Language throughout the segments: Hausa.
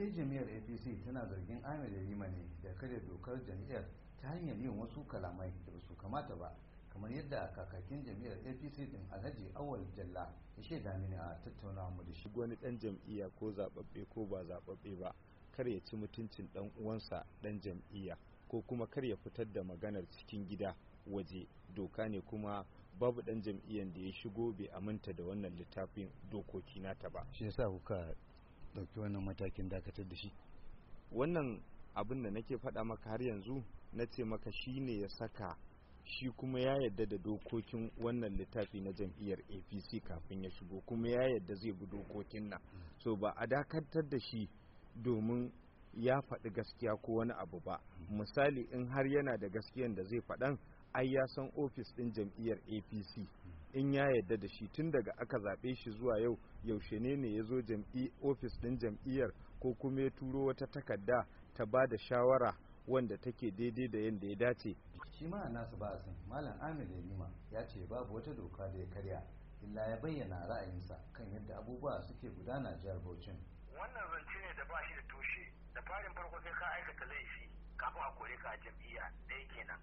sai jami'ar apc tana zargin ahmed yarima ne da kare dokar jami'ar ta hanyar yin wasu kalamai da ba su kamata ba kamar yadda kakakin jami'ar apc din alhaji awal jalla ya shaida mini a tattaunawa mu da shi wani dan jam'iyya ko zababbe ko ba zababbe ba kar ya ci mutuncin dan uwansa dan jam'iyya ko kuma kar ya fitar da maganar cikin gida waje doka ne kuma babu dan jam'iyyar da ya shigo bai aminta da wannan littafin dokoki nata ba shi yasa kuka dauki wannan matakin dakatar da shi wannan abin da nake faɗa maka har yanzu na ce maka shi ne ya saka shi kuma ya yadda da dokokin wannan littafi na jam'iyyar apc kafin ya shigo kuma ya yadda zai bi dokokin nan so ba a dakatar da shi domin ya faɗi gaskiya ko wani abu ba misali in har yana da gaskiyan da zai faɗan ai ya san ofis ɗin jam'iyyar apc in ya yadda da shi tun daga aka zaɓe shi zuwa yau yaushe ne ne ya zo ofis ɗin jam'iyyar ko kuma ya turo wata takarda ta ba da shawara wanda take daidai da yadda ya dace. shi ma su ba malam amir yalima ya ce babu wata doka da ya karya illa ya bayyana ra'ayinsa kan yadda abubuwa suke gudana jihar bauchin. wannan zance ne da ba shi da tushe da farin farko sai ka aikata laifi kafin a kore ka a jam'iyya ɗaya kenan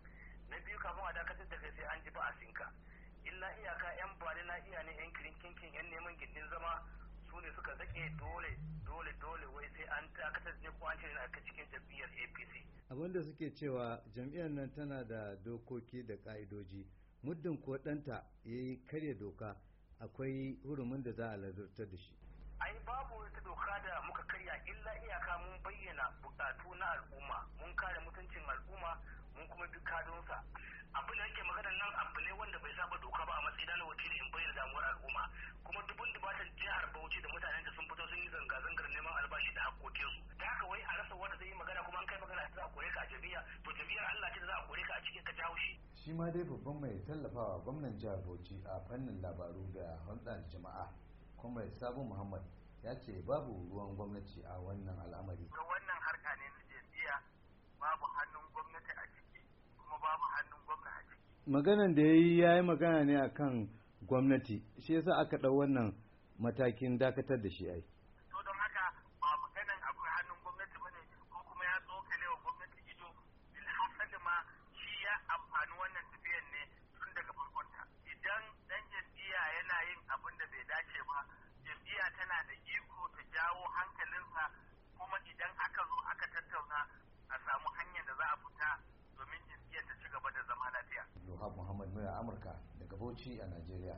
na biyu kafin a dakatar da kai sai abokin zama su ne suka zake dole dole dole wai sai an dakatar ne ko an ce aka cikin jam'iyyar apc da suke cewa jam'iyyar nan tana da dokoki da ka'idoji muddin ko ɗanta ya yi karya doka akwai hurumin da za a lazartar da shi ai babu wata doka da muka karya illa iyaka mun bayyana bukatu na al'umma kore ka a jami'a to jami'ar Allah ce da za a kore ka a cikin ka jawo shi shi ma dai babban mai tallafawa gwamnan jihar Bauchi a fannin labaru da hulɗar jama'a kuma sabon Muhammad ya ce babu ruwan gwamnati a wannan al'amari to wannan harka ne na jami'a babu hannun gwamnati a ciki kuma babu hannun gwamnati a ciki maganan da yayi yayi magana ne akan gwamnati shi yasa aka ɗau wannan matakin dakatar da shi ai bauchi a najeriya